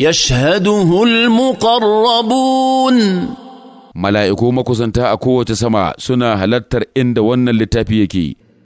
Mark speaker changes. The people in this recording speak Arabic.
Speaker 1: يشهده المقربون ملائكو مكوزنتا أكوة سما سنا هلتر إند ونن لتابيكي